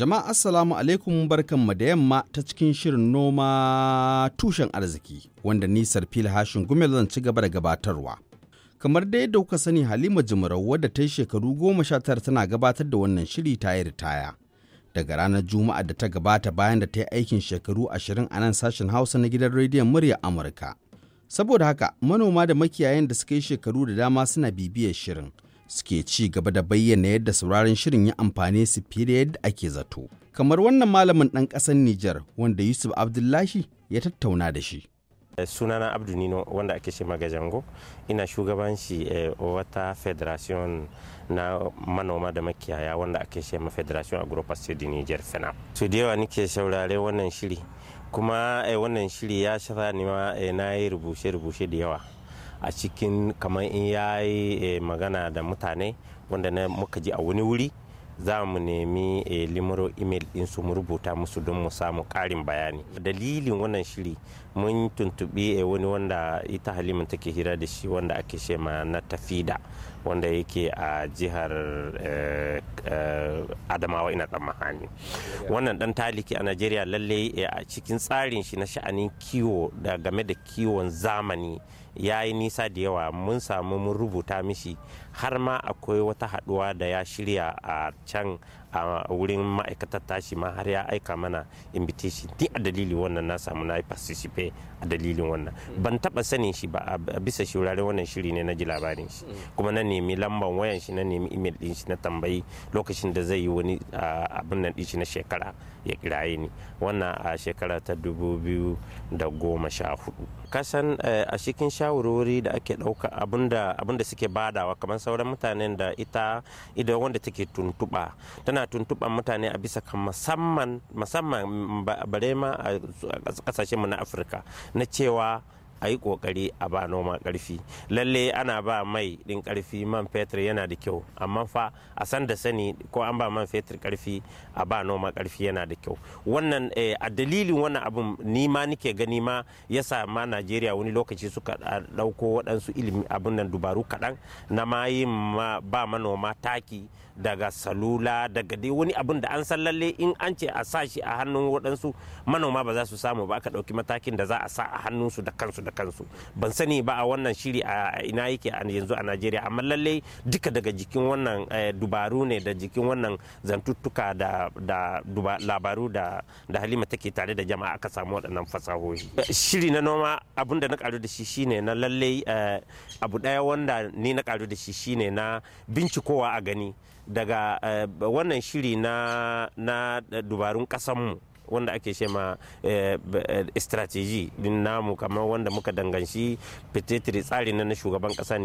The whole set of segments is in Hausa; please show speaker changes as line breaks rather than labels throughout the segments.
Jama'a Assalamu alaikum barkan da yamma ta cikin shirin noma tushen arziki wanda ni Sarfil Hashin Gumel zan ci gaba da gabatarwa. Kamar dai da kuka sani Halima Jimarau wadda ta yi shekaru goma sha tara tana gabatar da wannan shiri ta yi ritaya. Daga ranar Juma'a da ta gabata bayan da ta yi aikin shekaru ashirin a nan sashen Hausa na gidan rediyon murya Amurka. Saboda haka manoma da makiyayan da suka yi shekaru da dama suna bibiyar shirin. suke ci gaba da bayyana yadda sauraron shirin ya amfani su fiye yadda ake zato. Kamar wannan malamin ɗan ƙasar Nijar wanda Yusuf Abdullahi ya tattauna da shi.
Eh, sunana abdu nino wanda ake shi magajango ina shugabanci wata federation na manoma da makiyaya wanda ake shi ma federation agropasti di niger fena su da yawa nike saurare wannan shiri kuma eh, wannan shiri ya shafa ni ma eh, na yi rubuce-rubuce da yawa a cikin kamar in ya yi eh, magana da mutane wanda na muka ji a wani wuri za mu nemi eh, limaro email din su mu rubuta musu don mu samu karin bayani dalilin wannan shiri mun tuntubi eh, wani wanda ita halimin take hira da shi wanda ake shema na tafida wanda yake a jihar eh, eh, adamawa ina tsammani wannan dan taliki a najeriya lalle eh, a cikin tsarin shi na sha'anin kiwo da game da kiwon zamani ya yi nisa da yawa mun samu mun rubuta mishi har ma akwai wata haduwa da ya shirya a can a wurin ma'aikatar tashi ma har ya aika mana invitation ni a dalilin wannan na samu na yi participate a dalilin wannan ban taba sanin shi ba a bisa shuraren wannan shiri ne na ji labarin shi kuma na nemi lamban wayan shi na nemi email din shi na tambayi lokacin da zai yi wani abin nan din shi na shekara ya kiraye ni wannan a shekara ta dubu biyu da goma sha hudu kasan eh, a cikin shawarwari da ake dauka abinda abinda suke badawa kamar sauran mutanen da ita idan wanda take tuntuba tana ina tuntuɓan mutane a bisa kan musamman musamman barema a mu na afirka na cewa a yi kokari a ba noma karfi lalle ana ba mai din karfi man fetur yana da kyau amma fa a san da sani ko an ba man fetur karfi a ba noma karfi yana da kyau wannan eh, a dalilin wannan abu ni ma nike gani ma ya ma najeriya wani lokaci suka dauko waɗansu ilimi abun nan dubaru kaɗan na ma yi ba manoma taki daga salula daga dai wani abun da an san lalle in an ce a sa shi a hannun waɗansu manoma ba za su samu ba aka ɗauki matakin da za a sa a hannunsu da kansu da da kansu ban sani ba a wannan shiri a ina yake a yanzu a najeriya amma lallai duka daga jikin wannan eh, dubaru ne da jikin wannan zantuttuka da labaru da halima take tare da jama'a aka samu waɗannan fasahohi shiri na noma abun da na karu da shi shine na lallai eh, abu ɗaya wanda ni na karu da shi shine na bincikowa a gani daga eh, wannan shiri na dubarun ƙasanmu wanda ake ce ma eh, eh, strategy din namu kamar wanda muka danganci fititiri tsari na shugaban kasa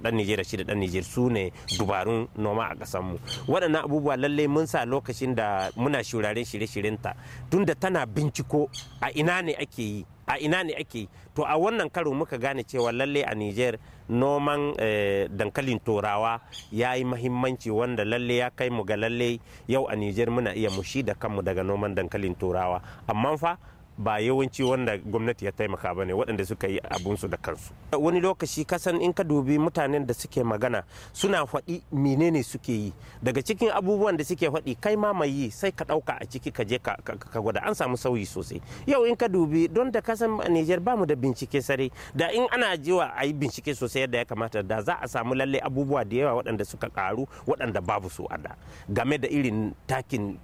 dan nigeria shi da dan nigeria su ne dubarun noma a kasan mu waɗannan abubuwa lallai mun sa lokacin da muna shuraren shirye-shiryenta tunda tana binciko a ina ne ake yi a ina ne ake to a wannan karo muka gane cewa lalle a niger noman eh, dankalin turawa ya yi mahimmanci wanda lalle ya kai mu ga lalle yau a niger muna iya mushi da kanmu daga noman dankalin turawa amma fa ba yawanci wanda gwamnati ya taimaka ba ne waɗanda suka yi abunsu da kansu wani lokaci kasan in ka dubi mutanen da suke magana suna faɗi menene suke yi daga cikin abubuwan da suke faɗi kai ma mai yi sai ka ɗauka a ciki ka je ka gwada an samu sauyi sosai yau in ka dubi don da kasan Nijar bamu da bincike sare da in ana jiwa a yi bincike sosai yadda ya kamata da za a samu lalle abubuwa da yawa waɗanda suka karu waɗanda babu su a da game da irin takin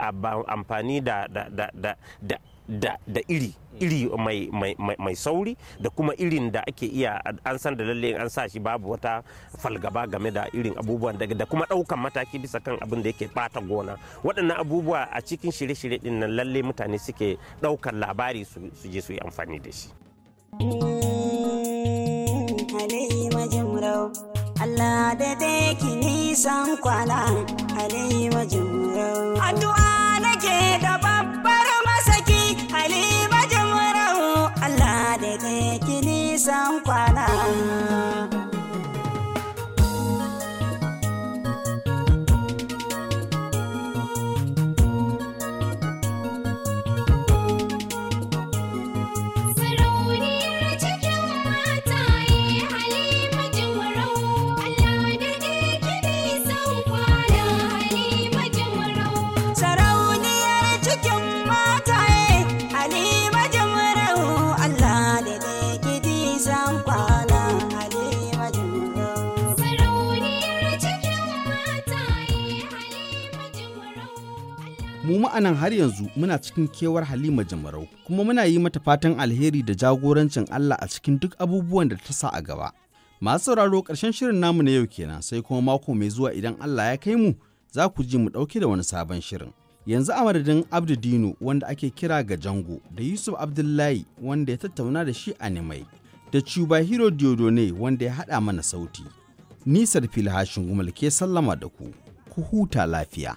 amfani da da, da iri iri mai, mai, mai, mai sauri da kuma irin da ake iya an san da lalle an sa shi babu wata falgaba game da irin abubuwan da, da kuma daukan mataki bisa kan abin da yake bata gona waɗannan abubuwa a cikin shirye-shirye din nan lalle mutane suke daukan labari su, su je su yi amfani da shi Allah da da
don't mu ma'anan har yanzu muna cikin kewar halima jamarau kuma muna yi mata fatan alheri da jagorancin allah a cikin duk abubuwan da ta sa a gaba masu sauraro karshen shirin namu na yau kenan sai kuma mako mai zuwa idan allah ya kai mu za ku ji mu ɗauke da wani sabon shirin yanzu a madadin abdu wanda ake kira ga jango da yusuf abdullahi wanda ya tattauna da shi a nimai da cuba hero diodone wanda ya haɗa mana sauti nisar filhashin gumal ke sallama da ku ku huta lafiya.